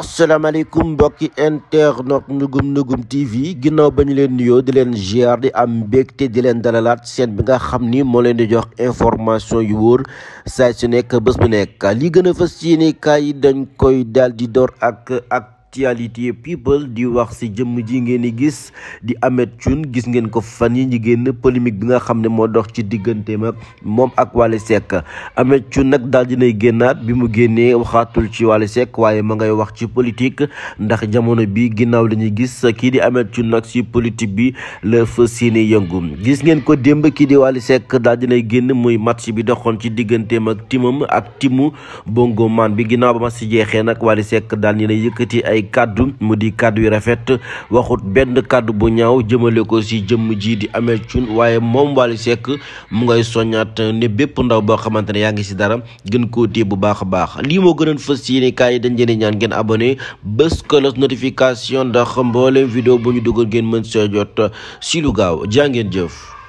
asalaamaaleykum mbokki internet Ndougoum Ndougoum TV ginnaaw ba leen nuyoo di leen ziar di am mbégte di leen dalalaat seen bi nga xam ni moo leen di jox information yu wóor saa su nekk bés bu nekk li gën a fas yéene kaay yi dañ koy daal di door ak ak. actualité people di wax ci jëmm ji ngeen di gis di Ameth Thioune gis ngeen ko fan yi ñi génn polémique bi nga xam ne moo dox ci digganteem ak moom ak Wally Seck Ameth Thioune nag bi mu génnee waxaatul ci Wally Seck waaye ma ngay wax ci politique ndax jamono bi ginnaaw la gis kii di Ameth Thioune nag ci politique bi gis ngeen ko démb di Wally Seck daal dinay génn muy match bi doxoon ci ak timu bongo man bi ginnaaw ba ma si jeexee nag Wally Seck daal ay kàddu mu di kàddu yu rafet waxut benn kàddu bu ñaaw jëmale ko si jëmm ji di Ameth Thioune waaye moom Wally Seck mu ngay soññaat ne bépp ndaw boo xamante ne yaa ngi si dara gën koo téye bu baax a baax lii moo gënoon fës yéene kaay dañ leen ñaan ngeen abonné bés cloche notification ndax mboolem vidéo bu ñu dugal ngeen mën see jot si lu gaaw jaa ngeen jëf